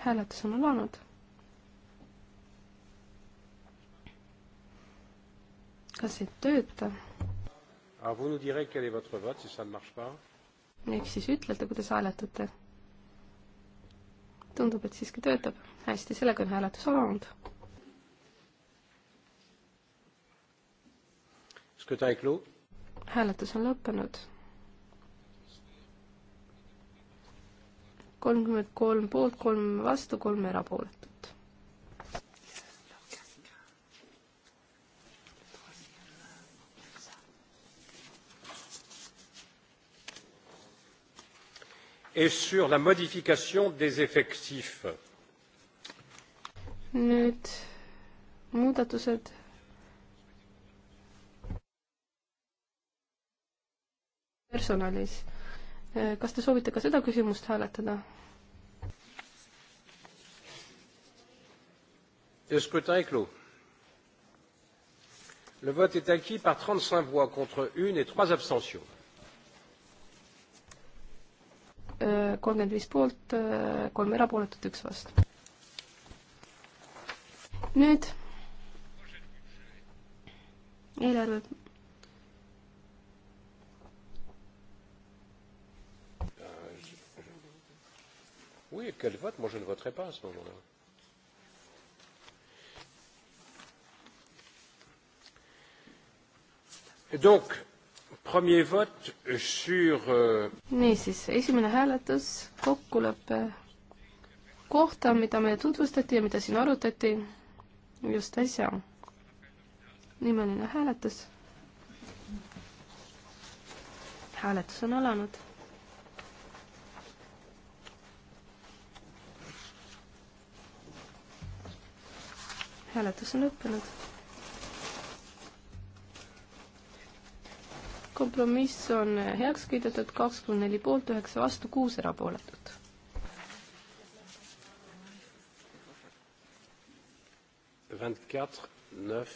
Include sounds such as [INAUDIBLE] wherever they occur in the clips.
hääletus on alanud. kas ei tööta? Ah, ehk siis ütlete, kuidas hääletate? tundub, et siiski töötab. hästi, sellega on hääletus alanud. hääletus on lõppenud kolmkümmend kolm poolt, kolm vastu, kolm erapooletut. et sur la modification des effectifs. Nüüd muudatused. personalis kas te soovite ka seda küsimust hääletada? Le scrutin est clos. Le vote est acquis par 35 voix contre 1 et 3 abstentions. 35 euh, poolt, 3 euh, erapooletut, 1 vastu. Nüüd eelarve Oui, quel vote Moi, je ne voterai pas à ce moment-là. Donc, premier vote sur... Euh, niisiis, esimene hääletus kokkuleppe kohta, mida meile tutvustati ja mida siin arutati just äsja. nimeline hääletus. hääletus on alanud hääletus on lõppenud. kompromiss on heaks kiidetud kakskümmend neli poolt, üheksa vastu, kuus erapooletut. Vingt-quatre, neuf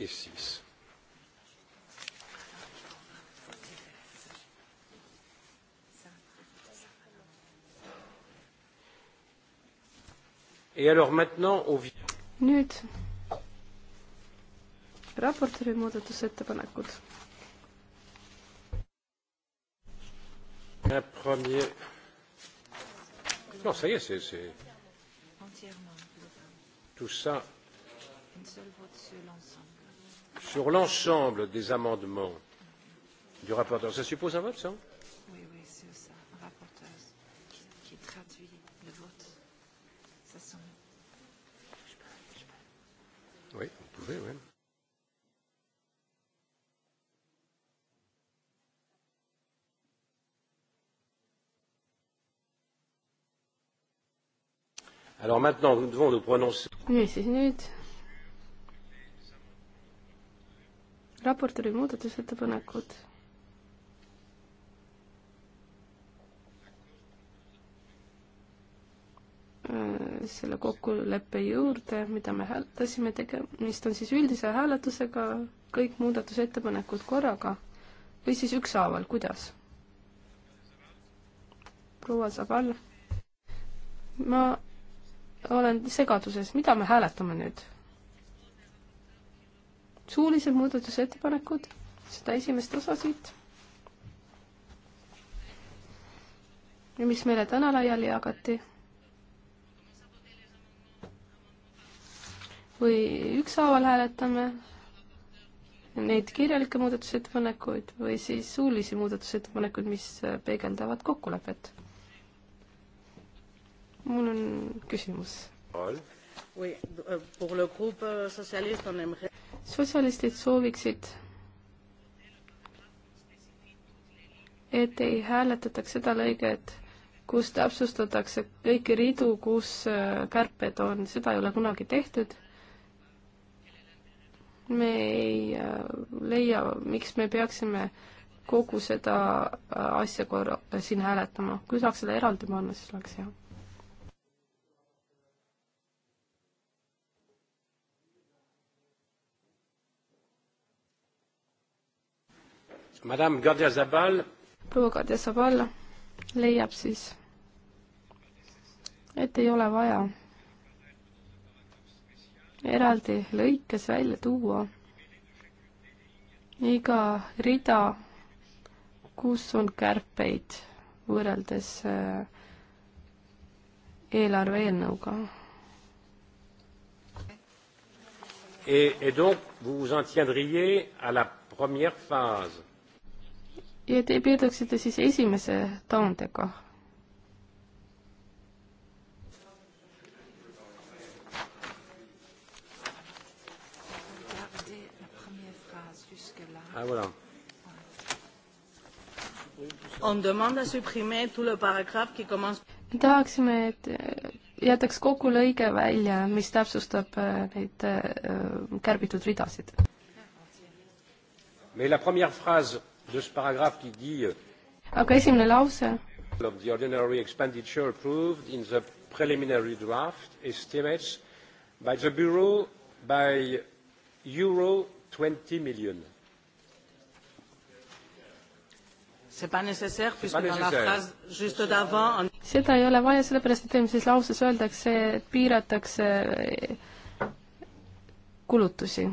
et six. Et alors maintenant, on vit nüüd raportööri muudatusettepanekud. No, ça y est, c'est, c'est... Tout ça sur l'ensemble des amendements du rapporteur. Ça suppose un vote, ça Muy bien. Alors maintenant, nous devons nous prononcer. nii, siis nüüd raportööri muudatusettepanekud selle kokkuleppe juurde, mida me hääletasime, tegemist on siis üldise hääletusega, kõik muudatusettepanekud korraga või siis ükshaaval, kuidas? proua Zabal, ma olen segaduses, mida me hääletame nüüd? suulised muudatusettepanekud, seda esimest osa siit ja mis meile täna laiali jagati või ükshaaval hääletame neid kirjalikke muudatusettepanekuid või siis suulisi muudatusettepanekuid, mis peegeldavad kokkulepet? mul on küsimus. Euh, sotsialistid sooviksid et ei hääletataks seda lõiget, kus täpsustatakse kõiki ridu, kus äh, kärped on, seda ei ole kunagi tehtud me ei äh, leia, miks me peaksime kogu seda äh, asja korra äh, siin hääletama. kui saaks selle eraldi panna, siis oleks hea. Madame Gardia Zabal. proua Gardia Zabal leiab siis, et ei ole vaja eraldi lõikes välja tuua iga rida, kus on kärpeid võrreldes äh, eelarve eelnõuga et, et donc vous vous en tiendriez à la première phase. ja te piirduksite siis esimese taandega. Ah, voilà. On demande à supprimer tout le paragraphe qui commence tahaksime, et äh, jätaks kogu lõige välja, mis täpsustab äh, neid äh, kärbitud ridasid. Mais la première phrase de ce paragraphe qui dit euh, aga esimene lause of the ordinary expenditure approved in the preliminary draft estimates by the bureau by euro 20 million seda ei ole vaja, sellepärast et eelmises lauses öeldakse, et piiratakse eh, kulutusi.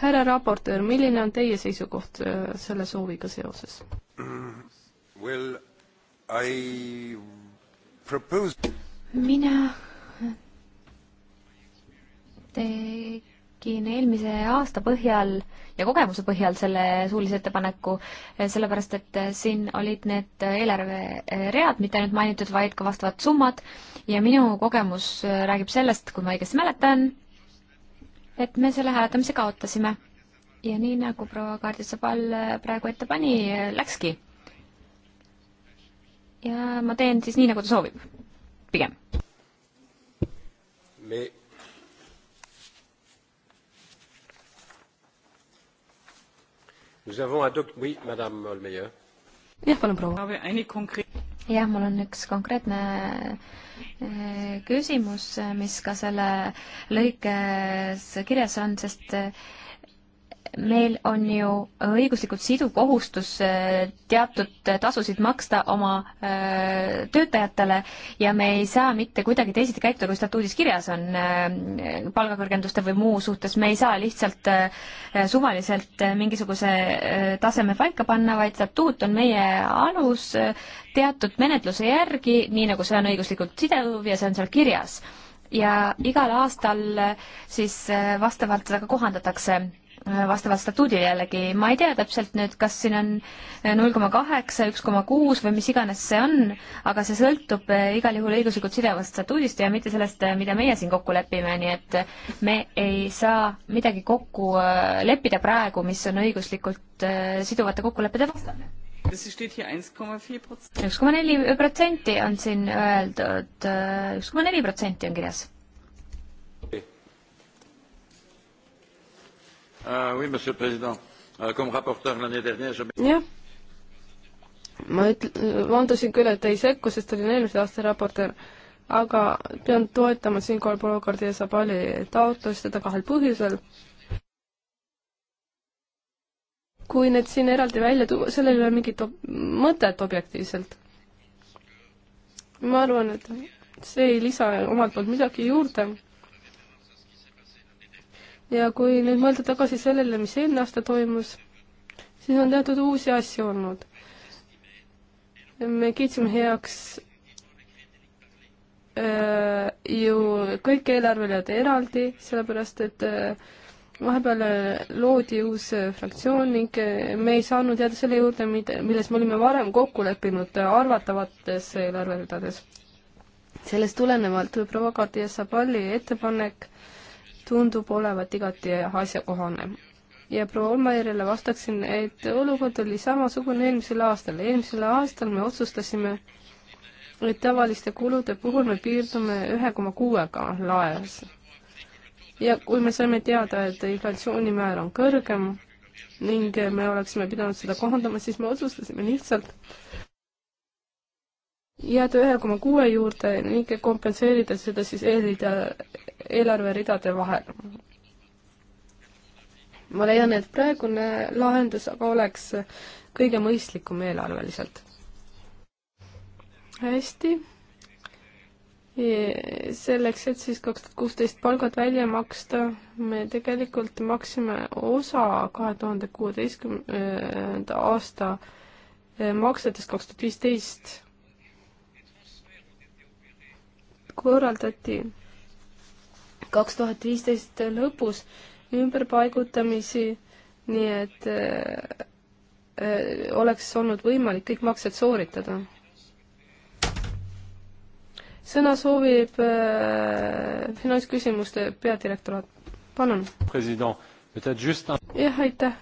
härra raportöör, milline on teie seisukoht eh, selle sooviga seoses [CLEARS THROAT] well,? Propose... mina te tegin eelmise aasta põhjal ja kogemuse põhjal selle suulise ettepaneku, sellepärast et siin olid need eelarveread mitte ainult mainitud, vaid ka vastavad summad ja minu kogemus räägib sellest, kui ma õigesti mäletan, et me selle hääletamise kaotasime. ja nii, nagu proua Kaardisabal praegu ette pani, läkski. ja ma teen siis nii, nagu ta soovib, pigem. Mais Nous avons adopté, oui, madame Olmeyer. jah, palun proua. jah, mul on üks konkreetne eh, küsimus, eh, mis ka selle lõikes kirjas on, sest eh, meil on ju õiguslikult siduv kohustus äh, teatud tasusid maksta oma äh, töötajatele ja me ei saa mitte kuidagi teisiti käituda, kui statuudis kirjas on äh, palgakõrgenduste või muu suhtes, me ei saa lihtsalt suvaliselt mingisuguse taseme paika panna, vaid statuut on meie alus teatud menetluse järgi, nii nagu see on õiguslikult siduv ja see on seal kirjas ja igal aastal siis vastavalt seda ka kohandatakse vastavalt statuudile jällegi, ma ei tea täpselt nüüd, kas siin on null koma kaheksa, üks koma kuus või mis iganes see on, aga see sõltub eh, igal juhul õiguslikult sidevast statuudist ja mitte sellest, eh, mida meie siin kokku lepime, nii et me ei saa midagi kokku eh, leppida praegu, mis on õiguslikult siduvate kokkuleppede vastane. üks koma neli protsenti on siin öeldud, üks koma neli protsenti on kirjas Euh, euh, jah, ma üt-, äh, vandusin küll, et ei sekku, sest olin eelmise aasta raportöör, aga pean toetama siinkohal Polokardi ja Sabali taotlust, seda kahel põhjusel kui need siin eraldi välja tuua, sellel ei ole mingit ob mõtet objektiivselt. ma arvan, et see ei lisa omalt poolt midagi juurde ja kui nüüd mõelda tagasi sellele, mis eelmine aasta toimus, siis on teatud uusi asju olnud. me kiitsime heaks äh, ju kõik eelarveread eraldi, sellepärast et äh, vahepeal loodi uus äh, fraktsioon ning äh, me ei saanud jääda selle juurde, mida, milles me olime varem kokku leppinud äh, arvatavates eelarveridades. sellest tulenevalt proua Kardiasa palli ettepanek äh, tundub olevat igati asjakohane. ja proua Olmajärjele vastaksin, et olukord oli samasugune eelmisel aastal. eelmisel aastal me otsustasime, et tavaliste kulude puhul me piirdume ühe koma kuuega laes. ja kui me saime teada, et inflatsioonimäär on kõrgem ning me oleksime pidanud seda kohandama, siis me otsustasime lihtsalt jääda ühe koma kuue juurde ning kompenseerida seda siis eelida eelarveridade vahel. ma leian, et praegune lahendus aga oleks kõige mõistlikum eelarveliselt. hästi. E, selleks, et siis kaks tuhat kuusteist palgad välja maksta, me tegelikult maksime osa kahe tuhande kuueteistkümnenda aasta e, maksetest kaks tuhat viisteist korraldati kaks tuhat viisteist lõpus ümberpaigutamisi, nii et äh, äh, oleks olnud võimalik kõik maksed sooritada. sõna soovib äh, finantsküsimuste peadirektoraat, palun. jah, aitäh.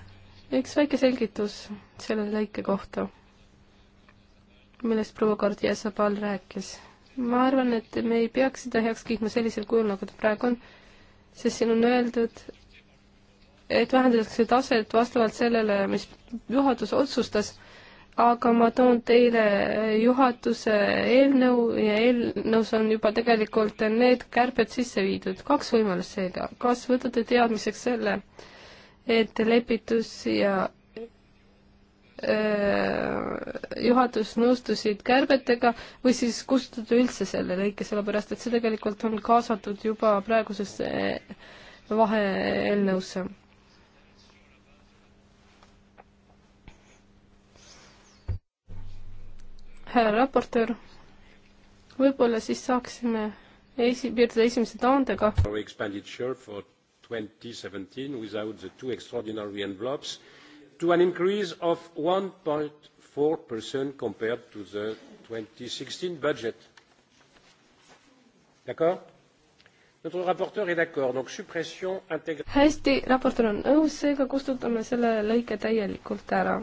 üks väike selgitus selle lõike kohta, millest proua Kardiasa Pall rääkis ma arvan, et me ei peaks seda heaks kiitma sellisel kujul, nagu ta praegu on, sest siin on öeldud, et vähendatakse taset vastavalt sellele, mis juhatus otsustas, aga ma toon teile juhatuse eelnõu ja eelnõus on juba tegelikult need kärped sisse viidud, kaks võimalust seega, kas võtate teadmiseks selle, et lepitus ja Äh, juhatus nõustusid kärbetega või siis kustutada üldse selle lõike, sellepärast et see tegelikult on kaasatud juba praegusesse äh, vaheelnõusse. härra raportöör, võib-olla siis saaksime esi, piirduda esimese taandega. Expenditure for twenty seventeen without the two extraordinary envelopes to an increase of. one four compared to the two thousand and sixteen budget. d'accord? notre rapporteur est d'accord donc suppression intégrale. hästi, raportöör on nõus, seega kustutame selle lõike täielikult ära,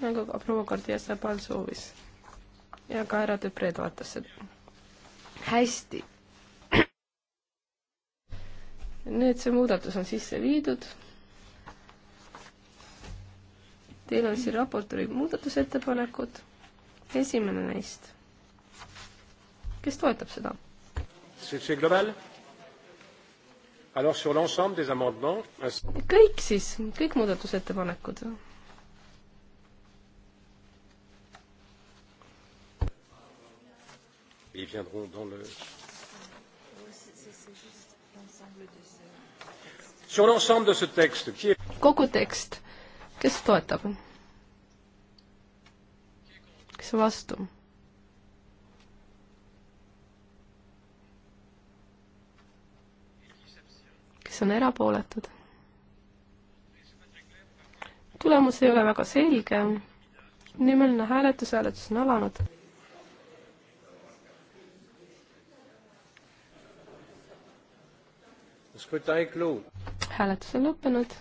nagu ka proua Kordiasepal soovis. ja ka härra Tüpre toetas seda. hästi. [CLEARS THROAT] nüüd see muudatus on sisse viidud Teil on siin raportööri muudatusettepanekud. esimene neist. kes toetab seda? kõik siis, kõik muudatusettepanekud. Ils viendront dans le... Sur l'ensemble de ce texte, qui est... Kogu tekst kes toetab? kes vastu? kes on erapooletud? tulemus ei ole väga selge. nimeline hääletus, hääletus on alanud. hääletus on lõppenud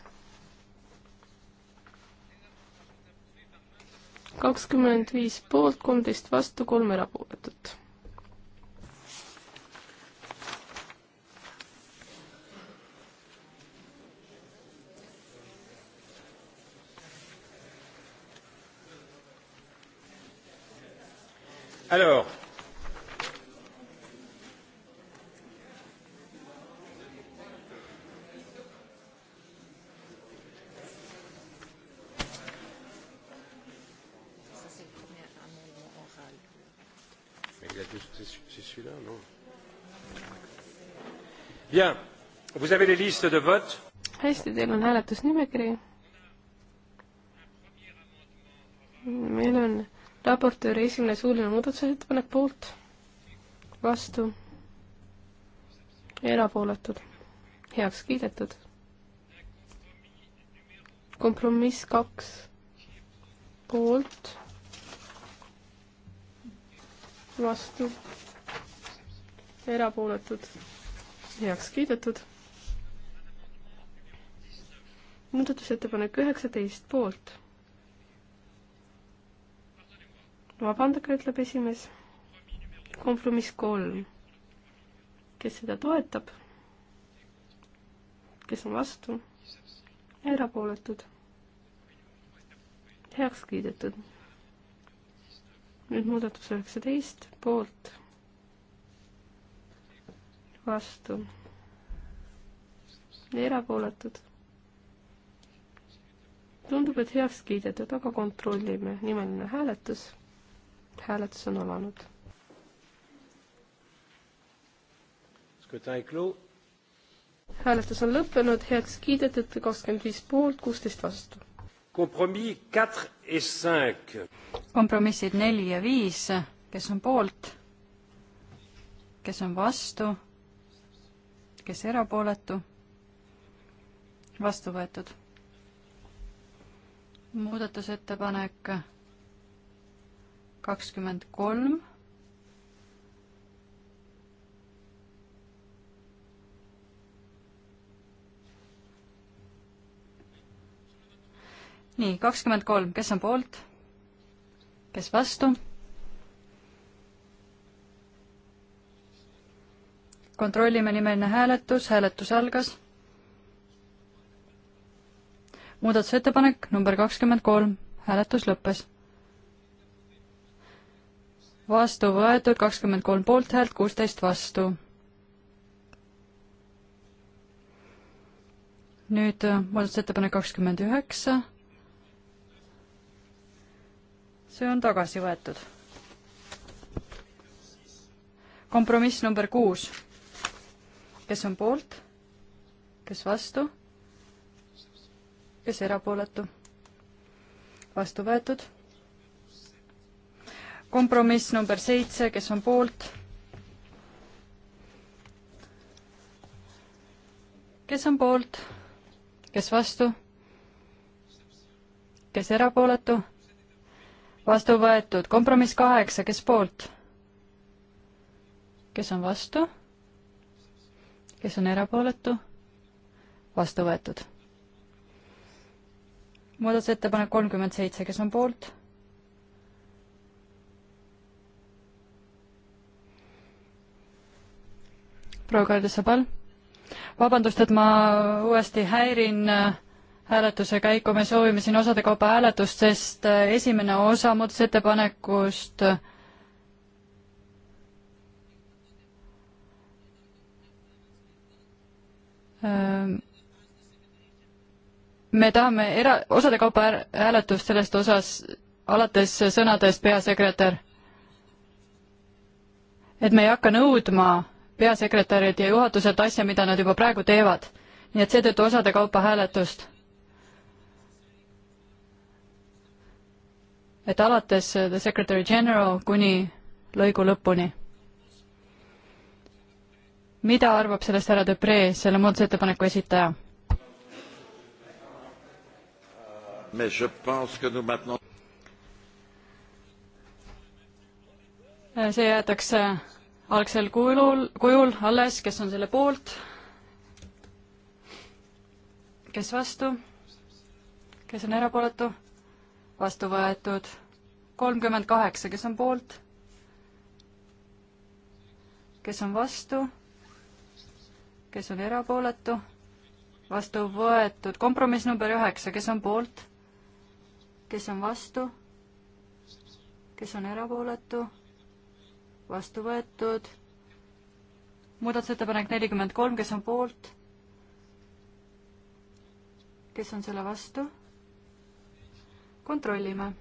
kakskümmend viis poolt, kolmteist vastu, kolm erapooletut. Alors, Bien, vous avez les listes de vote. hästi, teil on hääletusnimekiri. meil on raportööri esimene suuline muudatusettepanek poolt, vastu, erapooletud, heaks kiidetud. kompromiss kaks, poolt, vastu, erapooletud heaks kiidetud. muudatusettepanek üheksateist poolt. vabandage, ütleb esimees. kompromiss kolm. kes seda toetab? kes on vastu? erapooletud? heaks kiidetud. nüüd muudatus üheksateist poolt vastu ja erapooletud. tundub, et heaks kiidetud, aga kontrollime. nimeline hääletus. hääletus on alanud. hääletus on lõppenud, heaks kiidetud, kakskümmend viis poolt, kuusteist vastu. kompromissid neli ja viis, kes on poolt, kes on vastu kes erapooletu, vastu võetud. muudatusettepanek kakskümmend kolm nii, kakskümmend kolm, kes on poolt? kes vastu? kontrollime nimeline hääletus, hääletus algas. muudatusettepanek number kakskümmend kolm, hääletus lõppes. vastu võetud kakskümmend kolm poolthäält, kuusteist vastu. nüüd äh, muudatusettepanek kakskümmend üheksa. see on tagasi võetud kompromiss number kuus kes on poolt, kes vastu, kes erapooletu, vastu võetud. kompromiss number seitse, kes on poolt, kes on poolt, kes vastu, kes erapooletu, vastu võetud. kompromiss kaheksa, kes poolt, kes on vastu kes on erapooletu, vastu võetud. muudatusettepanek kolmkümmend seitse, kes on poolt? proua Kardesabal, vabandust, et ma uuesti häirin äh, hääletuse käiku, me soovime siin osade kaupa hääletust, sest äh, esimene osa muudatusettepanekust äh, Ehm, me tahame era-, osade kaupa hääletust sellest osas alates sõnadest peasekretär. et me ei hakka nõudma peasekretärilt ja juhatuselt asja, mida nad juba praegu teevad. nii et seetõttu osade kaupa hääletust. et alates the secretary general kuni lõigu lõpuni mida arvab sellest härra Depree, selle muudatusettepaneku esitaja? Äh, see jäetakse äh, algsel kujul, kujul alles, kes on selle poolt, kes vastu, kes on erapooletu, vastu võetud kolmkümmend kaheksa, kes on poolt, kes on vastu kes on erapooletu, vastu võetud, kompromiss number üheksa, kes on poolt, kes on vastu, kes on erapooletu, vastu võetud, muudatusettepanek nelikümmend kolm, kes on poolt, kes on selle vastu, kontrollime.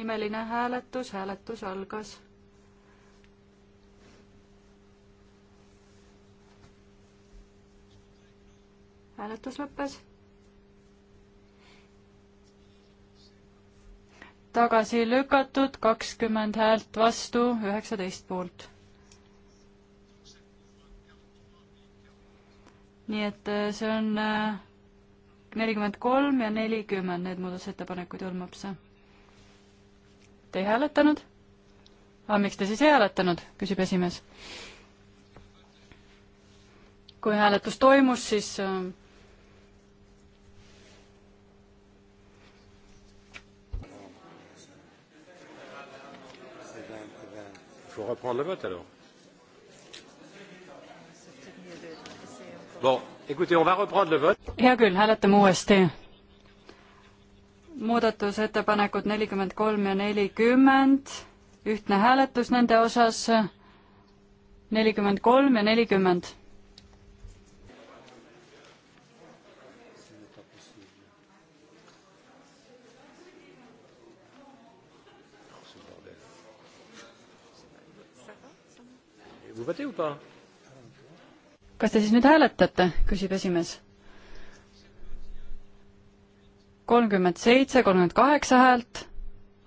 nimeline hääletus, hääletus algas hääletus lõppes. tagasi lükatud, kakskümmend häält vastu, üheksateist poolt. nii et äh, see on äh, nelikümmend kolm ja nelikümmend, need muudatusettepanekuid hõlmab see. Te ei hääletanud? aga ah, miks te siis ei hääletanud, küsib esimees. kui hääletus toimus, siis äh, faut reprendre le vote alors. Bon, écoutez, on va reprendre le vote. hea küll, hääletame uuesti. muudatusettepanekud nelikümmend kolm ja nelikümmend, ühtne hääletus nende osas, nelikümmend kolm ja nelikümmend voter. kas te siis nüüd hääletate, küsib esimees. kolmkümmend seitse, kolmkümmend kaheksa häält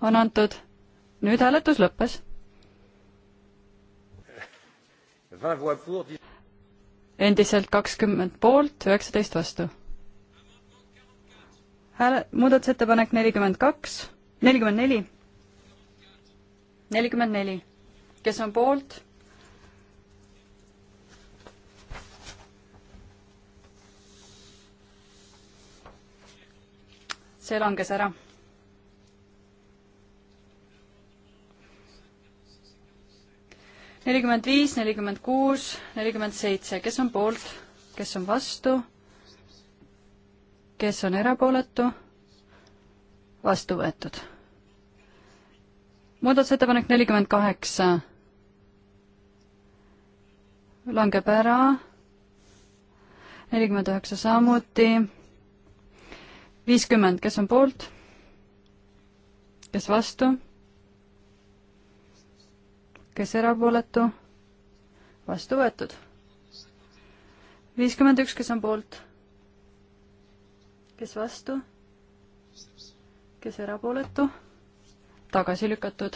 on antud. nüüd hääletus lõppes. endiselt kakskümmend poolt, üheksateist vastu. hääle, muudatusettepanek nelikümmend kaks, nelikümmend neli, nelikümmend neli. kes on poolt? see langes ära. nelikümmend viis, nelikümmend kuus, nelikümmend seitse, kes on poolt, kes on vastu, kes on erapooletu, vastu võetud. muudatusettepanek nelikümmend kaheksa langeb ära, nelikümmend üheksa samuti viiskümmend, kes on poolt? kes vastu? kes erapooletu? vastu võetud. viiskümmend üks, kes on poolt? kes vastu? kes erapooletu? tagasi lükatud.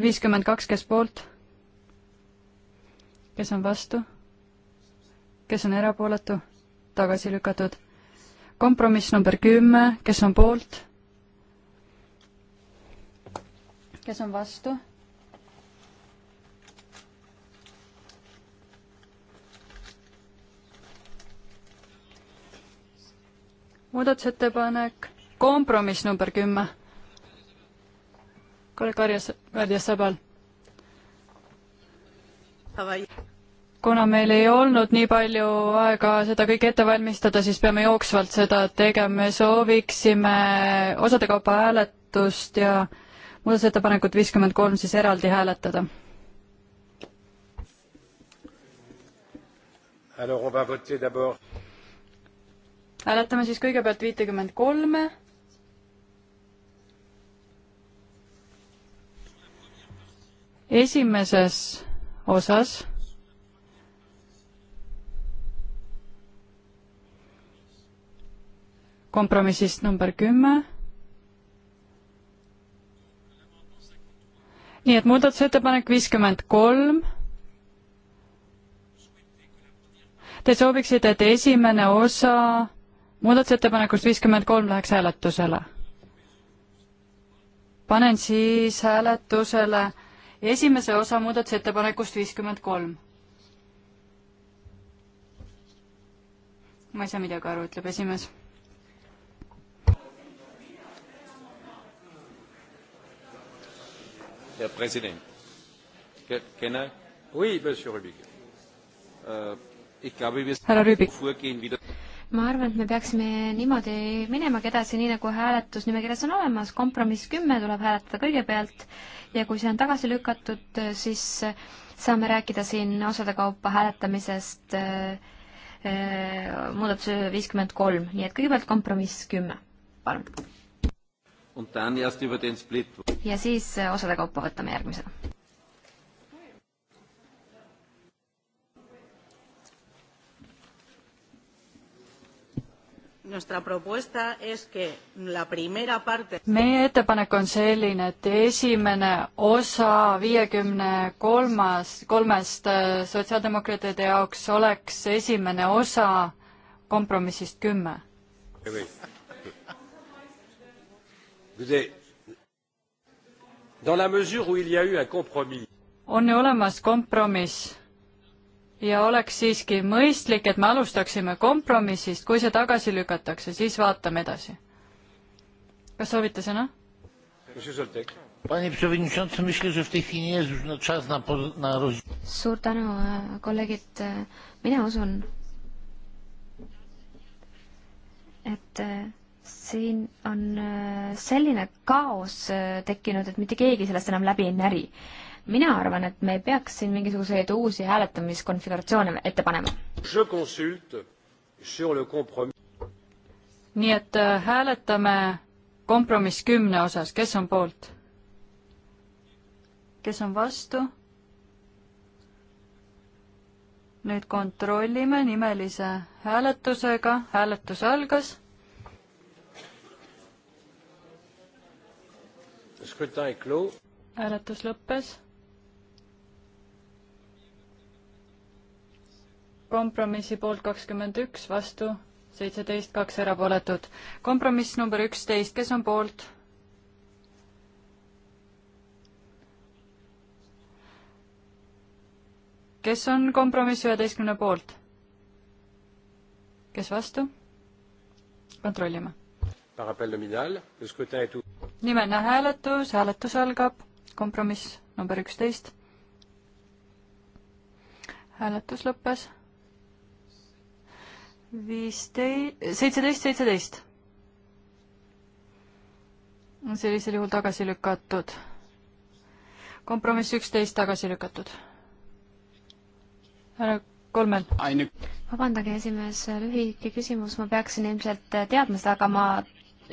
viiskümmend kaks, kes poolt? kes on vastu? kes on erapooletu? tagasi lükatud kompromiss number kümme, kes on poolt? kes on vastu? muudatusettepanek, kompromiss number kümme. kolleeg Karjas, Karjas Sabal kuna meil ei olnud nii palju aega seda kõike ette valmistada, siis peame jooksvalt seda tegema, sooviksime osade kaupa hääletust ja muudatusettepanekut viiskümmend kolm siis eraldi hääletada. hääletame siis kõigepealt viitekümmend kolme esimeses osas kompromissist number kümme. nii et muudatusettepanek viiskümmend kolm. Te sooviksite, et esimene osa muudatusettepanekust viiskümmend kolm läheks hääletusele? panen siis hääletusele esimese osa muudatusettepanekust viiskümmend kolm. ma ei saa midagi aru, ütleb esimees Herr Präsident. Can I? Oui, Monsieur Rübig. Uh, ich glaube, wir härra Rüübik. ma arvan, et me peaksime niimoodi minemagi edasi, nii nagu hääletusnimekirjas on olemas, kompromiss kümme tuleb hääletada kõigepealt ja kui see on tagasi lükatud, siis saame rääkida siin osade kaupa hääletamisest äh, äh, muudatuse viiskümmend kolm, nii et kõigepealt kompromiss kümme, palun ja siis äh, osade kaupa võtame järgmisena. meie ettepanek on selline, et esimene osa viiekümne kolmas, kolmest äh, sotsiaaldemokraatide jaoks oleks esimene osa kompromissist kümme on ju olemas kompromiss ja oleks siiski mõistlik, et me alustaksime kompromissist, kui see tagasi lükatakse, siis vaatame edasi. kas soovite sõna? suur tänu, e, kolleegid, e, mina usun, et e, siin on äh, selline kaos äh, tekkinud, et mitte keegi sellest enam läbi ei näri. mina arvan, et me ei peaks siin mingisuguseid uusi hääletamiskonfiguratsioone ette panema. nii et äh, hääletame kompromiss kümne osas, kes on poolt? kes on vastu? nüüd kontrollime nimelise hääletusega, hääletus algas hääletus lõppes. kompromissi poolt kakskümmend üks, vastu seitseteist, kaks erapooletut. kompromiss number üksteist, kes on poolt? kes on kompromiss üheteistkümne poolt? kes vastu? kontrollime nimeline hääletus, hääletus algab, kompromiss number üksteist. hääletus lõppes. viisteist, seitseteist, seitseteist. sellisel juhul tagasi lükatud. kompromiss üksteist tagasi lükatud. härra Kolmel. vabandage, esimees, lühike küsimus, ma peaksin ilmselt teadma seda, aga ma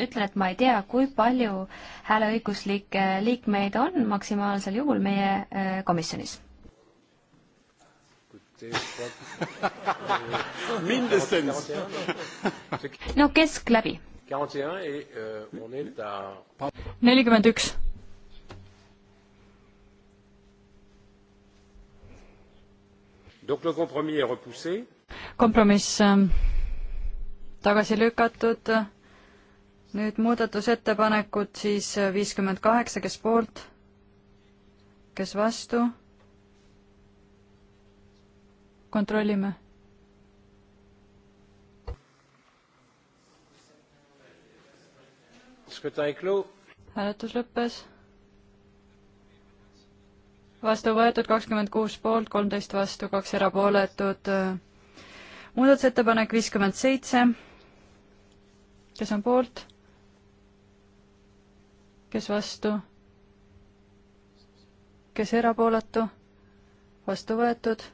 ütlen, et ma ei tea, kui palju hääleõiguslikke liikmeid on maksimaalsel juhul meie äh, komisjonis. [LAUGHS] Mindestens. no keskläbi. Euh, nelikümmend üks. kompromiss ähm, tagasi lükatud nüüd muudatusettepanekud siis äh, viiskümmend kaheksa, kes poolt, kes vastu. kontrollime. hääletus lõppes. vastu võetud kakskümmend kuus poolt, kolmteist vastu, kaks erapooletut. muudatusettepanek viiskümmend seitse. kes on poolt? kes vastu, kes erapooletu, vastu võetud.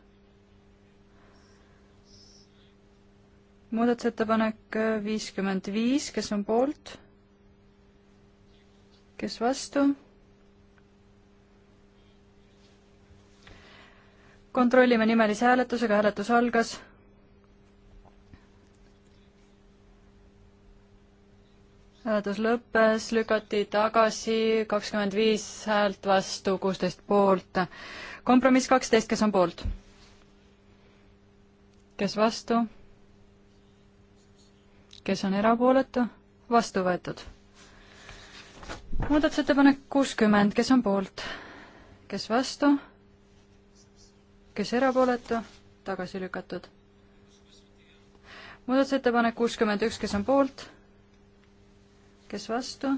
muudatusettepanek äh, viiskümmend viis, kes on poolt, kes vastu kontrollime nimelise hääletusega, hääletus algas. hääletus lõppes, lükati tagasi kakskümmend viis häält vastu, kuusteist poolt. kompromiss kaksteist, kes on poolt? kes vastu? kes on erapooletu? vastu võetud. muudatusettepanek kuuskümmend, kes on poolt? kes vastu? kes erapooletu? tagasi lükatud. muudatusettepanek kuuskümmend üks, kes on poolt? kes vastu,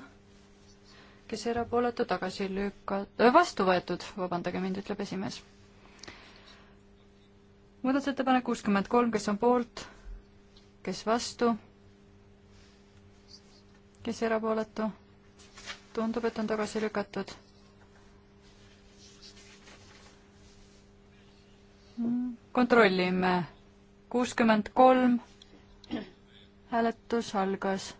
kes erapooletu, tagasi lükat-, äh, vastu võetud, vabandage mind, ütleb esimees. muudatusettepanek kuuskümmend kolm, kes on poolt, kes vastu, kes erapooletu, tundub, et on tagasi lükatud kontrollime. kuuskümmend kolm. hääletus algas.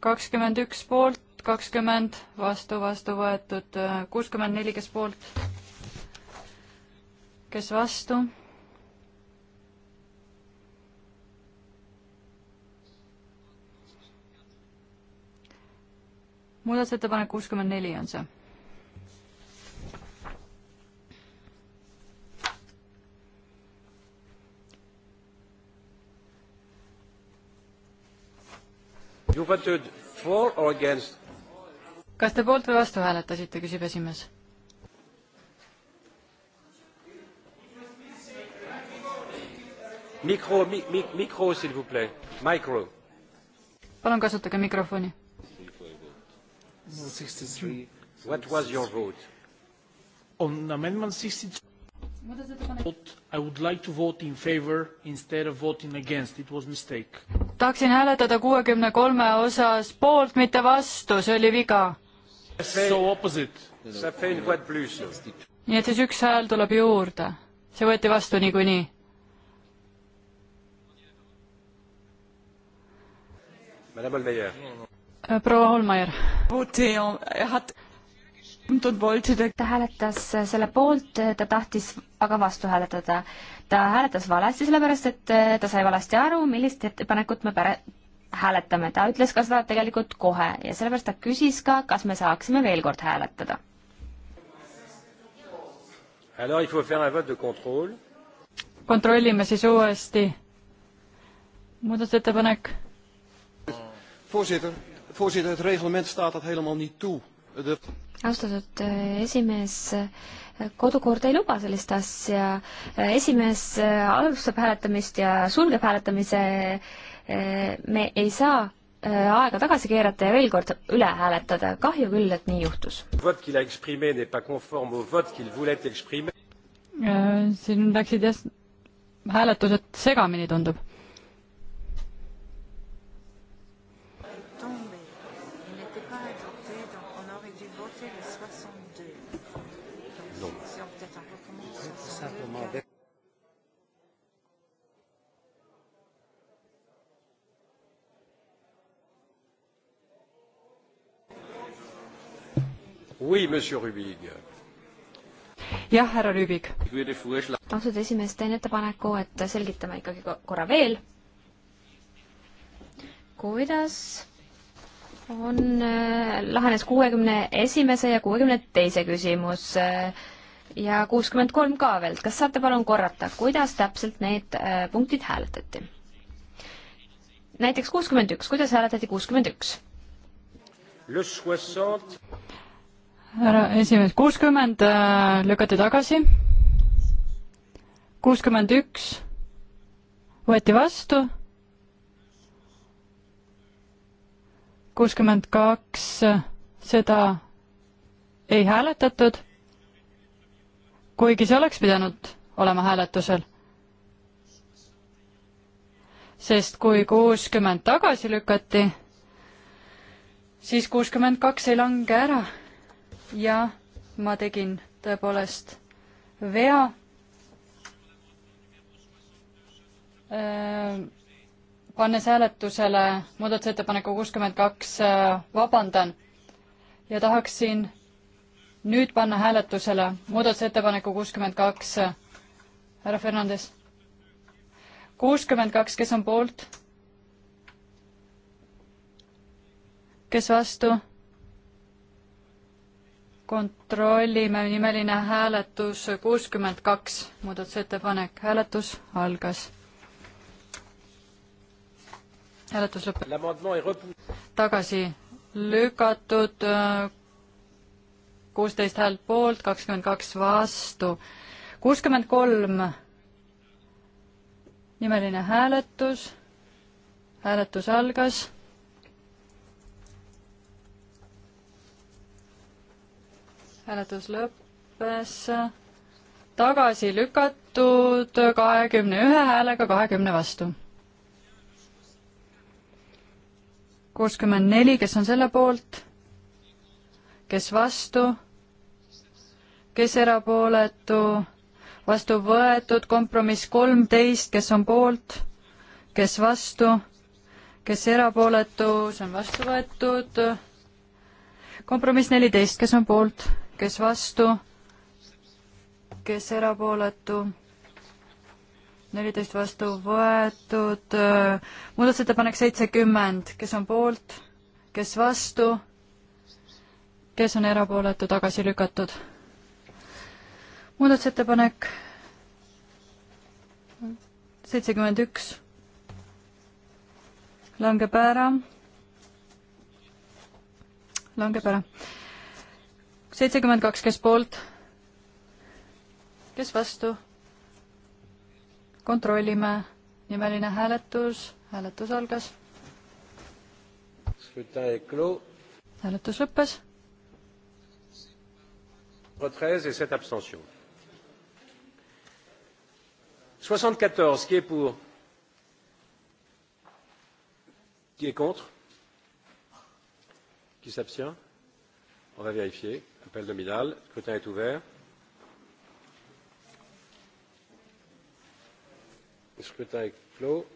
kakskümmend üks poolt, kakskümmend vastu, vastu võetud kuuskümmend neli, kes poolt, kes vastu. muudatusettepanek kuuskümmend neli on see You voted for or against? kas te poolt või vastu hääletasite, küsib esimees. mikro mi,, mi, mikro, s'il vous plaît, mikro. palun kasutage mikrofoni. What was your vote? On amendment sixty two. I would like to vote in favor instead of voting against. It was mistake tahaksin hääletada kuuekümne kolme osas poolt, mitte vastu, see oli viga. nii et siis üks hääl tuleb juurde, see võeti vastu niikuinii proua Holmeier ta hääletas selle poolt, ta tahtis aga vastu hääletada. ta hääletas valesti, sellepärast et äh, ta sai valesti aru, millist ettepanekut me pära-, hääletame. ta ütles ka seda tegelikult kohe ja sellepärast ta küsis ka, kas me saaksime veel kord hääletada. kontrollime siis uuesti. muudatusettepanek. voorzitter, voorzitter, het reglement staat dat helemaal niet toe. De austatud äh, esimees, äh, kodukord ei luba sellist asja. Äh, esimees alustab hääletamist ja sulgeb hääletamise. me ei saa aega tagasi keerata ja veel kord üle hääletada. kahju küll, et nii juhtus. siin läksid jah hääletused segamini, tundub. jah, härra Rüübik. austatud esimees, teen ettepaneku, et selgitame ikkagi korra veel, kuidas on, äh, lahenes kuuekümne esimese ja kuuekümne teise küsimus äh, ja kuuskümmend kolm ka veel, kas saate palun korrata, kuidas täpselt need äh, punktid hääletati? näiteks kuuskümmend üks, kuidas hääletati kuuskümmend üks? härra esimees, kuuskümmend äh, lükati tagasi, kuuskümmend üks võeti vastu, kuuskümmend kaks seda ei hääletatud, kuigi see oleks pidanud olema hääletusel. sest kui kuuskümmend tagasi lükati, siis kuuskümmend kaks ei lange ära ja ma tegin tõepoolest vea äh, pannes hääletusele muudatusettepaneku kuuskümmend kaks, äh, vabandan ja tahaksin nüüd panna hääletusele muudatusettepaneku kuuskümmend kaks, äh, härra Fernandes. kuuskümmend kaks, kes on poolt? kes vastu? kontrollime, nimeline hääletus kuuskümmend kaks, muudatusettepanek, hääletus algas. hääletus lõpeb. tagasi lükatud, kuusteist häält poolt, kakskümmend kaks vastu, kuuskümmend kolm nimeline hääletus, hääletus algas hääletus lõppes tagasi lükatud kahekümne ühe häälega kahekümne vastu. kuuskümmend neli, kes on selle poolt, kes vastu, kes erapooletu, vastu võetud, kompromiss kolmteist, kes on poolt, kes vastu, kes erapooletu, see on vastu võetud, kompromiss neliteist, kes on poolt kes vastu, kes erapooletu, neliteist vastu võetud, äh, muudatusettepanek seitsekümmend, kes on poolt, kes vastu, kes on erapooletu, tagasi lükatud. muudatusettepanek seitsekümmend üks langeb ära, langeb ära seitsekümmend kaks, kes poolt, kes vastu? kontrollime, nimeline hääletus, hääletus algas. hääletus lõppes. soixante quatorze, qui est pour? qui est contre qui s'abstient on va vérifier appel nominal. Le scrutin est ouvert. Le scrutin est clos.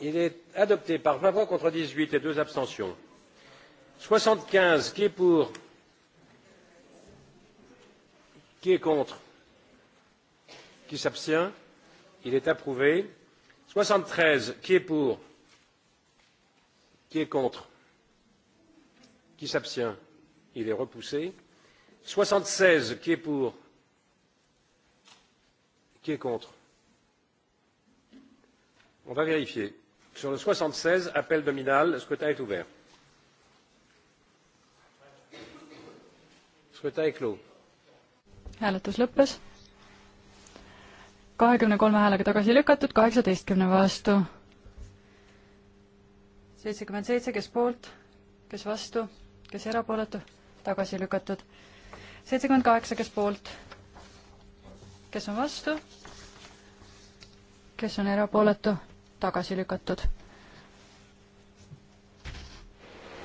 Il est adopté par 20 voix contre 18 et 2 abstentions. 75, qui est pour Qui est contre Qui s'abstient Il est approuvé. 73, qui est pour Qui est contre qui s'abstient il est repoussé soixante seize qui est pour qui est contre on va vérifier sur le soixante seize appel nominal le scrutin est ouvert scrutin est clos hääletus lõppes kahekümne kolme häälega tagasi lükatud kaheksateistkümne vastu seitsekümmend seitse kes poolt kes vastu kes erapooletu, tagasi lükatud. seitsekümmend kaheksa, kes poolt, kes on vastu, kes on erapooletu, tagasi lükatud.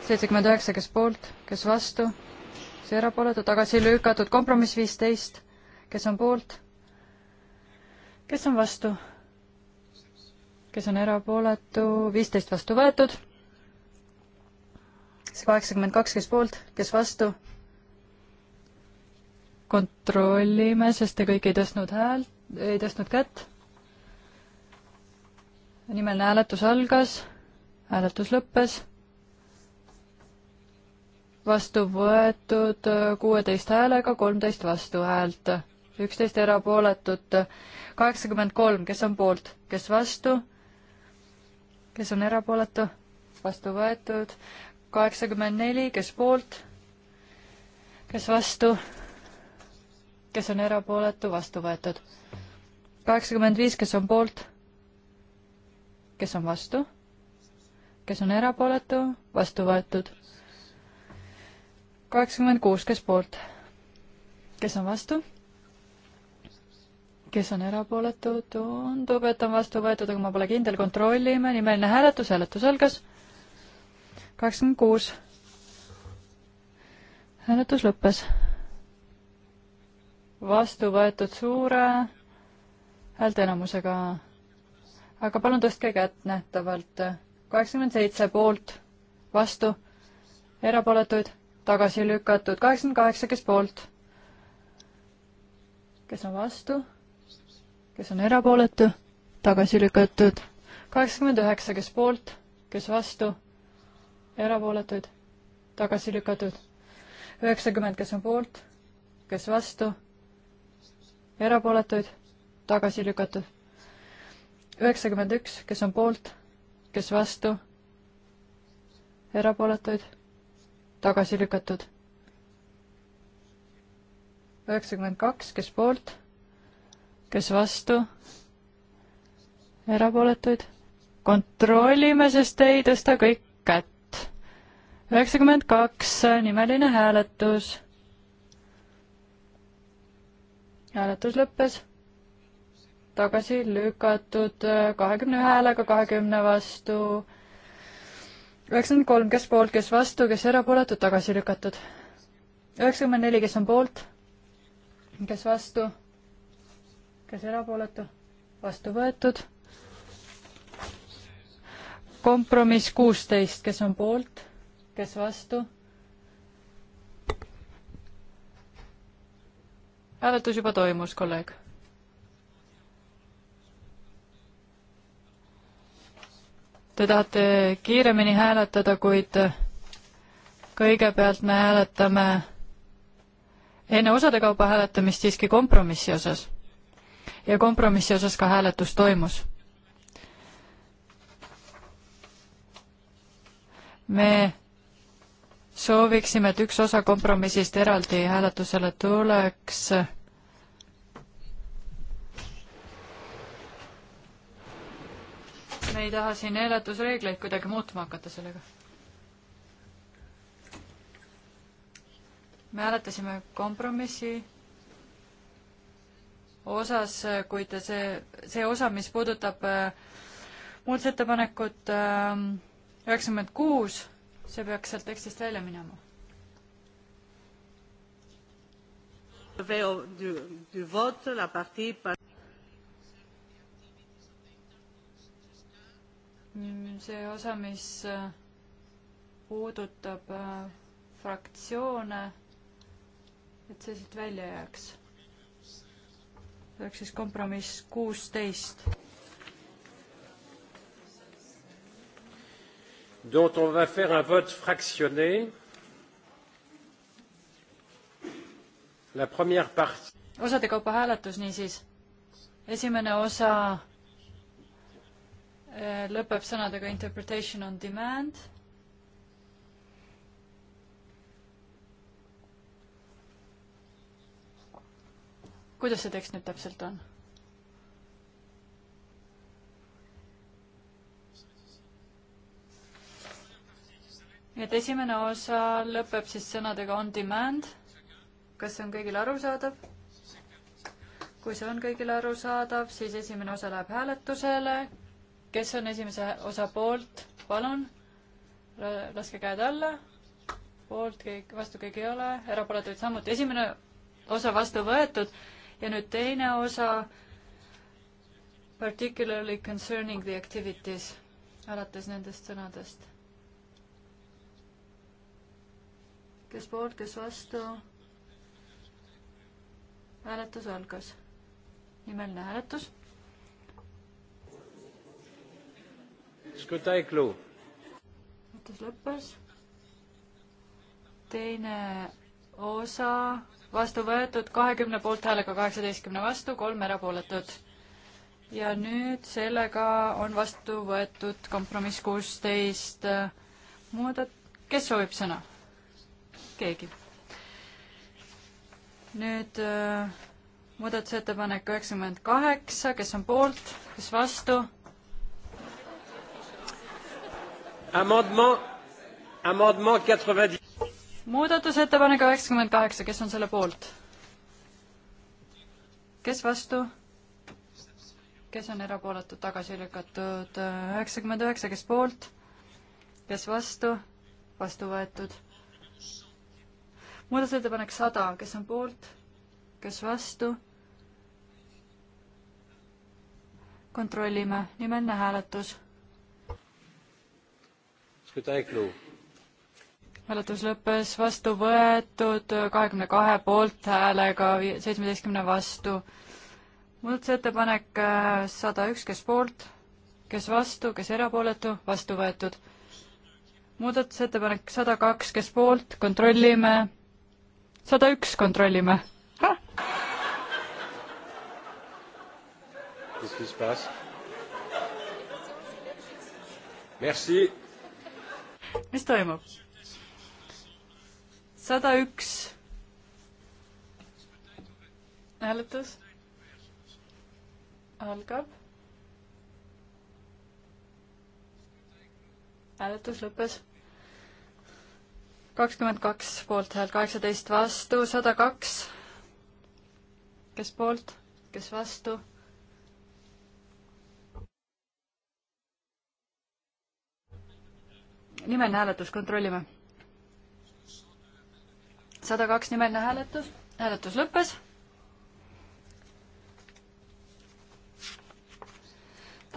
seitsekümmend üheksa, kes poolt, kes vastu, kes erapooletu, tagasi lükatud, kompromiss viisteist, kes on poolt, kes on vastu, kes on erapooletu, viisteist vastu võetud kaheksakümmend kaks, kes poolt, kes vastu? kontrollime, sest te kõik ei tõstnud häält, ei tõstnud kätt. nimeline hääletus algas, hääletus lõppes. vastu võetud äh, kuueteist häälega, kolmteist vastuhäält, üksteist erapooletut, kaheksakümmend kolm, kes on poolt, kes vastu, kes on erapooletu, vastu võetud, kaheksakümmend neli, kes poolt, kes vastu, kes on erapooletu, vastu võetud. kaheksakümmend viis, kes on poolt, kes on vastu, kes on erapooletu, vastu võetud. kaheksakümmend kuus, kes poolt, kes on vastu kes on erapooletu, tundub, et on vastu võetud, aga ma pole kindel, kontrollime, nimeline hääletus, hääletus algas kaheksakümmend kuus. hääletus lõppes. vastu võetud suure häälteenamusega. aga palun tõstke kätt nähtavalt. kaheksakümmend seitse poolt, vastu, erapooletuid, tagasi lükatud, kaheksakümmend kaheksa, kes poolt? kes on vastu? kes on erapooletu? tagasi lükatud. kaheksakümmend üheksa, kes poolt, kes vastu? erapooletuid, tagasi lükatud. üheksakümmend, kes on poolt, kes vastu, erapooletuid, tagasi lükatud. üheksakümmend üks, kes on poolt, kes vastu, erapooletuid, tagasi lükatud. üheksakümmend kaks, kes poolt, kes vastu, erapooletuid kontrollime, sest ei tõsta kõik üheksakümmend kaks, nimeline hääletus. hääletus lõppes. tagasi lükatud äh, kahekümne häälega, kahekümne vastu. üheksakümmend kolm, kes poolt, kes vastu, kes erapooletud, tagasi lükatud. üheksakümmend neli, kes on poolt, kes vastu, kes erapooletu, vastu võetud kompromiss kuusteist, kes on poolt? kes vastu? hääletus juba toimus, kolleeg. Te tahate kiiremini hääletada, kuid kõigepealt me hääletame enne osade kaupa hääletamist siiski kompromissi osas. ja kompromissi osas ka hääletus toimus. me sooviksime, et üks osa kompromissist eraldi hääletusele tuleks me ei taha siin elatusreegleid kuidagi muutma hakata sellega. me hääletasime kompromissi osas, kuid see, see osa, mis puudutab äh, muudatusettepanekut äh, üheksakümmend kuus, see peaks sealt tekstist välja minema. see osa, mis äh, puudutab äh, fraktsioone, et see siit välja jääks. see oleks siis kompromiss kuusteist dont on va faire un vote fractionné. La première partie. osade kaupa hääletus niisiis. esimene osa eh, lõpeb sõnadega interpretation on demand. kuidas see tekst nüüd täpselt on? nii et esimene osa lõpeb siis sõnadega on demand. kas see on kõigile arusaadav? kui see on kõigile arusaadav, siis esimene osa läheb hääletusele. kes on esimese osa poolt, palun laske käed alla. poolt keegi, vastu keegi ei ole, erapooletuid samuti. esimene osa vastu võetud ja nüüd teine osa particularly concerning the activities, alates nendest sõnadest kes poolt, kes vastu. hääletus algas. nimeline hääletus. hääletus lõppes. teine osa vastu võetud kahekümne poolthäälega kaheksateistkümne vastu, kolm erapooletut. ja nüüd sellega on vastu võetud kompromiss kuusteist muudat-, kes soovib sõna? keegi. nüüd äh, muudatusettepanek üheksakümmend kaheksa, kes on poolt, kes vastu? muudatusettepanek üheksakümmend kaheksa, kes on selle poolt? kes vastu? kes on erapooletud, tagasi lükatud üheksakümmend üheksa, kes poolt, kes vastu, vastu võetud muudatusettepanek sada, kes on poolt, kes vastu? kontrollime, nimeline hääletus. hääletus lõppes vastu võetud kahekümne kahe poolthäälega, seitsmeteistkümne vastu. muudatusettepanek äh, sada üks, kes poolt, kes vastu, kes erapooletu, vastu võetud muudatusettepanek sada kaks, kes poolt, kontrollime, sada üks kontrollime. mis toimub? sada üks hääletus algab. hääletus lõppes kakskümmend kaks poolthäält, kaheksateist vastu, sada kaks. kes poolt, kes vastu? nimeline hääletus, kontrollime. sada kaks nimeline hääletus, hääletus lõppes.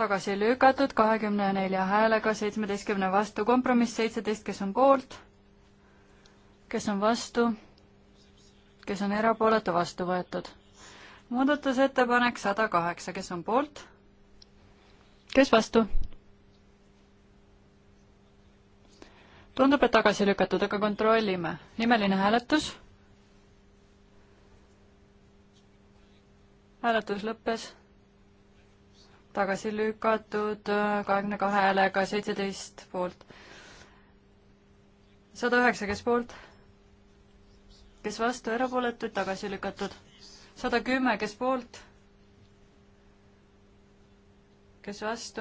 tagasi lükatud kahekümne nelja häälega, seitsmeteistkümne vastu kompromiss, seitseteist, kes on poolt kes on vastu, kes on erapooletu, vastu võetud. muudatusettepanek sada kaheksa, kes on poolt, kes vastu? tundub, et tagasi lükatud, aga kontrollime. nimeline hääletus. hääletus lõppes. tagasi lükatud äh, kahekümne kahe häälega seitseteist poolt. sada üheksa, kes poolt? kes vastu, erapooletuid tagasi lükatud. sada kümme, kes poolt, kes vastu.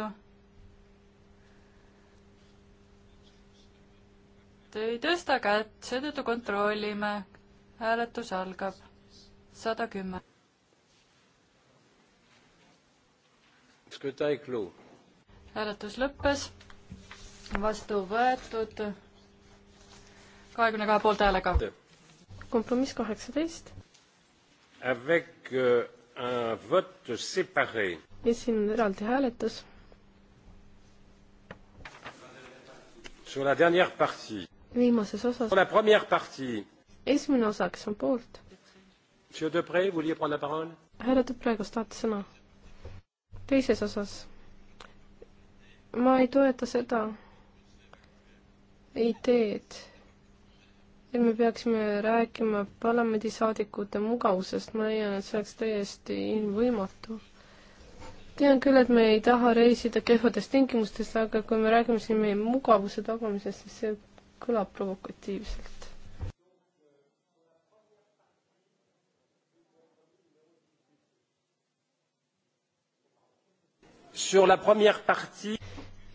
Te ei tõsta kätt, seetõttu kontrollime. hääletus algab. sada kümme. hääletus lõppes, vastu võetud kahekümne kahe poolthäälega kompromiss kaheksateist. Avec euh, un vote séparé. esimene eraldi hääletus. Sur la dernière partie. viimases osas. Sur la première partie. esimene osa, kes on poolt? Monsieur Depree, vous vouliez prendre la parole? härra Depree, kas tahate sõna? teises osas. ma ei toeta seda ideed et me peaksime rääkima parlamendisaadikute mugavusest, ma leian, et see oleks täiesti võimatu. tean küll, et me ei taha reisida kehvades tingimustes, aga kui me räägime siin meie mugavuse tagamisest, siis see kõlab provokatiivselt.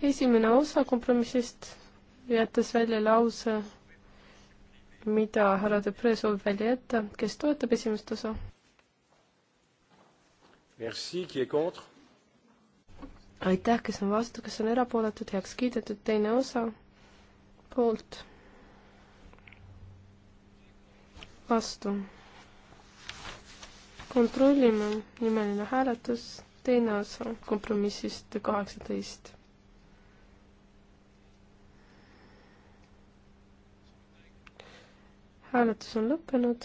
esimene osa kompromissist jättes välja lause mida härra Depree soovib välja jätta, kes toetab esimest osa? aitäh, kes on vastu, kes on erapooletud, heaks kiidetud, teine osa poolt, vastu. kontrollime, nimeline hääletus, teine osa kompromissist kaheksateist hääletus on lõppenud.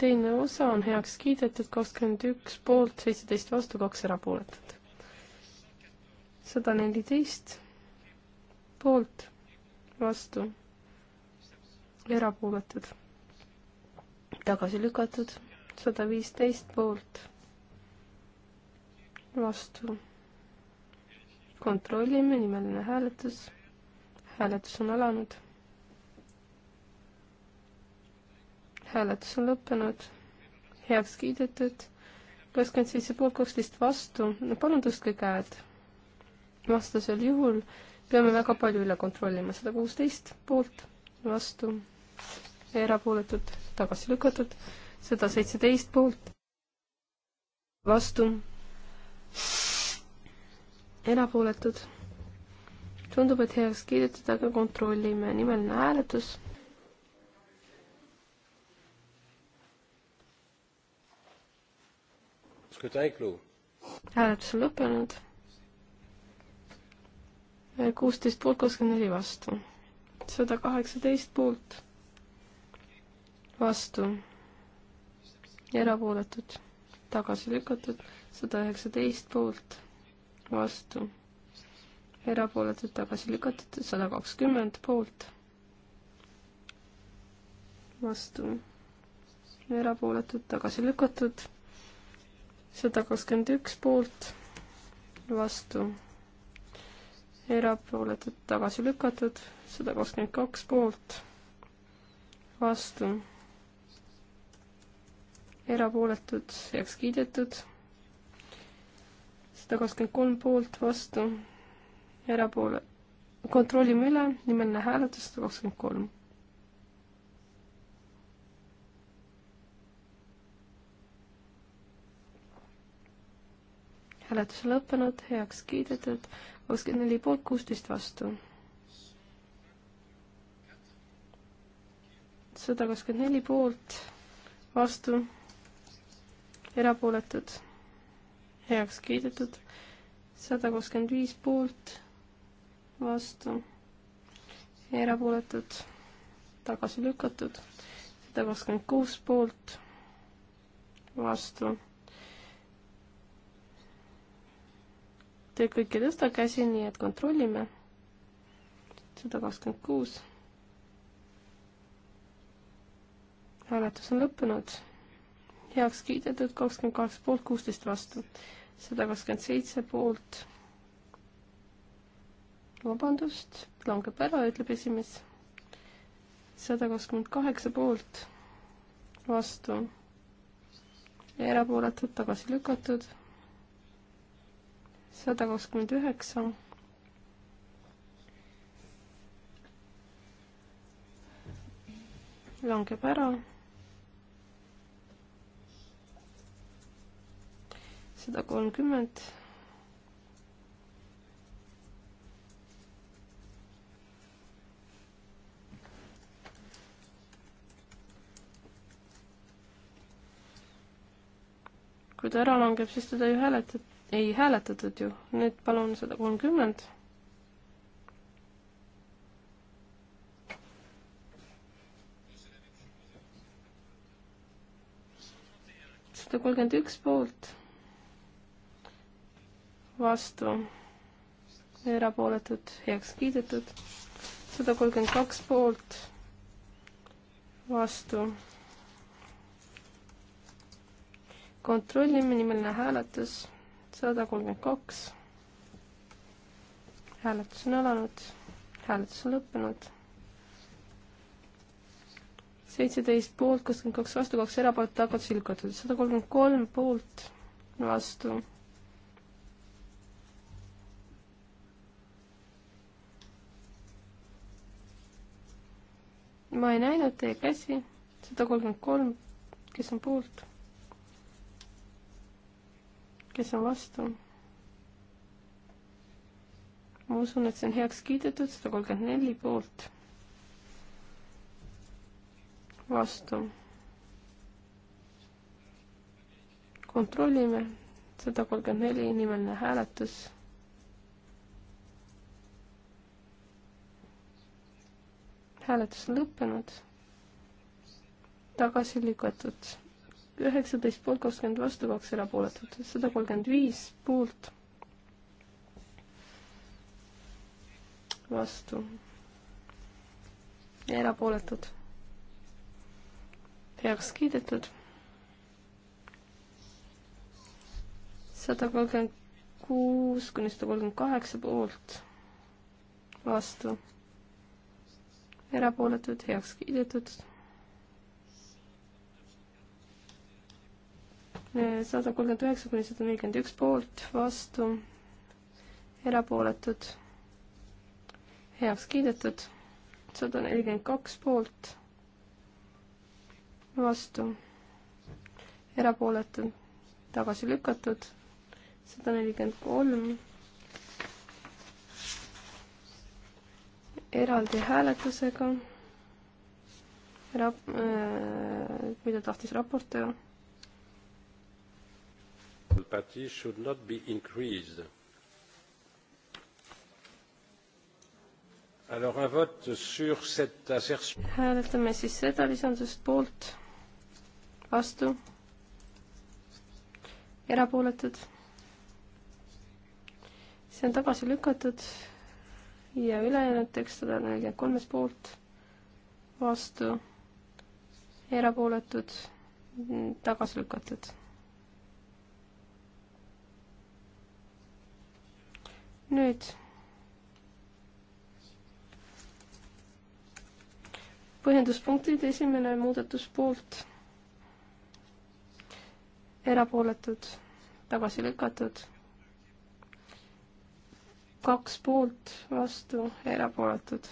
teine osa on heaks kiidetud, kakskümmend üks poolt, seitseteist vastu, kaks erapooletut. sada neliteist poolt, vastu, erapooletud, tagasi lükatud, sada viisteist poolt, vastu. kontrollime, nimeline hääletus. hääletus on alanud hääletus on lõppenud, heaks kiidetud, kakskümmend seitse poolt, kaksteist vastu, palun tõstke käed. vastasel juhul peame väga palju üle kontrollima, sada kuusteist poolt, vastu, erapooletud, tagasi lükatud, sada seitseteist poolt, vastu, erapooletud tundub, et heaks kiidetud, aga kontrollime. nimeline hääletus. hääletus on lõppenud. kuusteist poolt, kakskümmend neli vastu. sada kaheksateist poolt, vastu, erapooletud, tagasi lükatud, sada üheksateist poolt, vastu, erapooletud, tagasi lükatud, sada kakskümmend poolt, vastu, erapooletud, tagasi lükatud sada kakskümmend üks poolt, vastu, erapooletud, tagasi lükatud, sada kakskümmend kaks poolt, vastu, erapooletud, heaks kiidetud, sada kakskümmend kolm poolt, vastu, erapoole-, kontrollime üle, nimeline hääletus sada kakskümmend kolm hääletus lõppenud, heaks kiidetud, kakskümmend neli poolt, kuusteist vastu. sada kakskümmend neli poolt, vastu, erapooletud, heaks kiidetud, sada kakskümmend viis poolt, vastu, erapooletud, tagasi lükatud, sada kakskümmend kuus poolt, vastu Te kõik ei tõsta käsi, nii et kontrollime. sada kakskümmend kuus. hääletus on lõppenud. heaks kiidetud kakskümmend kaks poolt, kuusteist vastu. sada kakskümmend seitse poolt. vabandust, langeb ära, ütleb esimees. sada kakskümmend kaheksa poolt, vastu. erapooletud, tagasi lükatud sada kakskümmend üheksa. langeb ära. sada kolmkümmend. kui ta ära langeb, siis teda ei hääletata ei hääletatud ju, nüüd palun sada kolmkümmend. sada kolmkümmend üks poolt, vastu, erapooletud, heaks kiidetud, sada kolmkümmend kaks poolt, vastu kontrollime, nimeline hääletus sada kolmkümmend kaks. hääletus on alanud, hääletus on lõppenud. seitseteist poolt, kakskümmend kaks vastu, kaks erapoolt tagasi lükatud, sada kolmkümmend kolm poolt vastu. ma ei näinud teie käsi, sada kolmkümmend kolm, kes on poolt kes on vastu? ma usun, et see on heaks kiidetud, sada kolmkümmend neli poolt. vastu. kontrollime, sada kolmkümmend neli, nimeline hääletus. hääletus on lõppenud. tagasi lükatud üheksateist poolt, kakskümmend vastu, kaks erapooletut, sada kolmkümmend viis poolt. vastu. erapooletud. heaks kiidetud. sada kolmkümmend kuus kuni sada kolmkümmend kaheksa poolt. vastu. erapooletud, heaks kiidetud sada kolmkümmend üheksa kuni sada nelikümmend üks poolt, vastu, erapooletud, heaks kiidetud, sada nelikümmend kaks poolt, vastu, erapooletud, tagasi lükatud, sada nelikümmend kolm, eraldi hääletusega, rap- äh,, mida tahtis raportöör party should not be increased. Alors un vote sur cette assertion. hääletame siis seda lisandust poolt, vastu, erapooletud. see on tagasi lükatud ja ülejäänud tekst sada nelikümmend kolmes poolt, vastu, erapooletud, tagasi lükatud nüüd põhjenduspunktid, esimene muudatus poolt, erapooletud, tagasi lükatud, kaks poolt, vastu, erapooletud,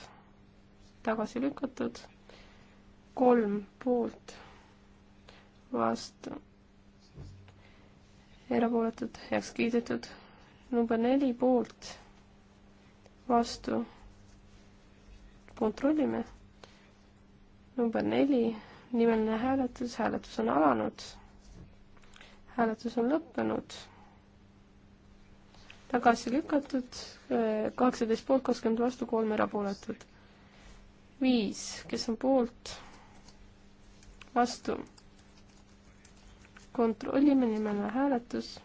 tagasi lükatud, kolm poolt, vastu, erapooletud, heaks kiidetud, number neli poolt, vastu. kontrollime. number neli, nimeline hääletus, hääletus on alanud. hääletus on lõppenud. tagasi lükatud, eh, kaheksateist poolt, kakskümmend vastu, kolm erapooletut. viis, kes on poolt, vastu. kontrollime, nimeline hääletus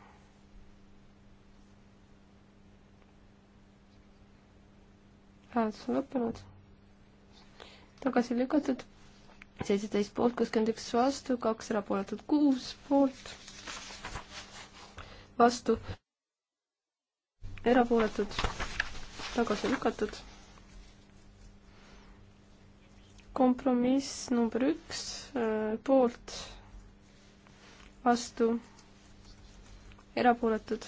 hääletus on lõppenud. tagasi lükatud, seitseteist poolt, kuuskümmend üks vastu, kaks erapooletut, kuus poolt, vastu, erapooletud, tagasi lükatud. kompromiss number üks, äh, poolt, vastu, erapooletud,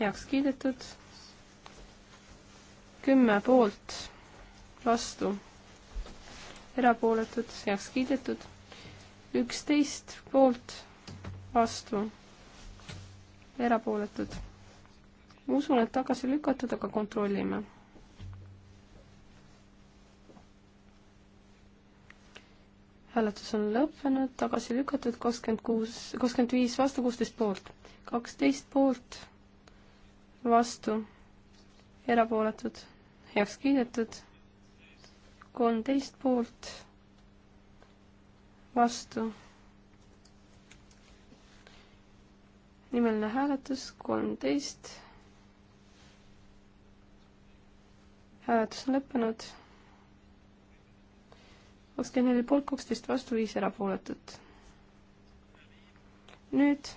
heaks kiidetud kümme poolt, vastu, erapooletud, heaks kiidetud, üksteist poolt, vastu, erapooletud. ma usun, et tagasi lükatud, aga kontrollime. hääletus on lõppenud, tagasi lükatud kakskümmend kuus, kakskümmend viis vastu, kuusteist poolt, kaksteist poolt, vastu, erapooletud heaks kiidetud, kolmteist poolt, vastu. nimeline hääletus, kolmteist. hääletus on lõppenud. kakskümmend neli poolt, kaksteist vastu, viis erapooletut. nüüd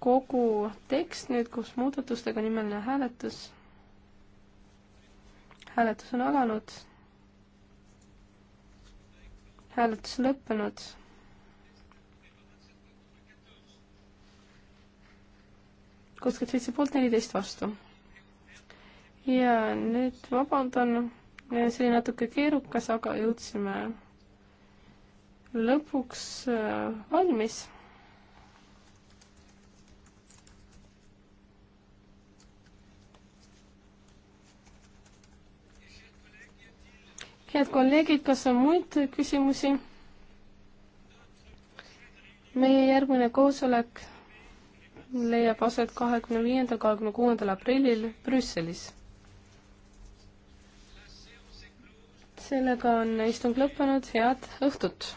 kogu tekst nüüd koos muudatustega, nimeline hääletus. hääletus on alanud. hääletus lõppenud. kuuskümmend seitse poolt, neliteist vastu. ja nüüd vabandan, see oli natuke keerukas, aga jõudsime lõpuks äh, valmis head kolleegid, kas on muid küsimusi? meie järgmine koosolek leiab aset kahekümne viiendal, kahekümne kuuendal aprillil Brüsselis. sellega on istung lõppenud, head õhtut!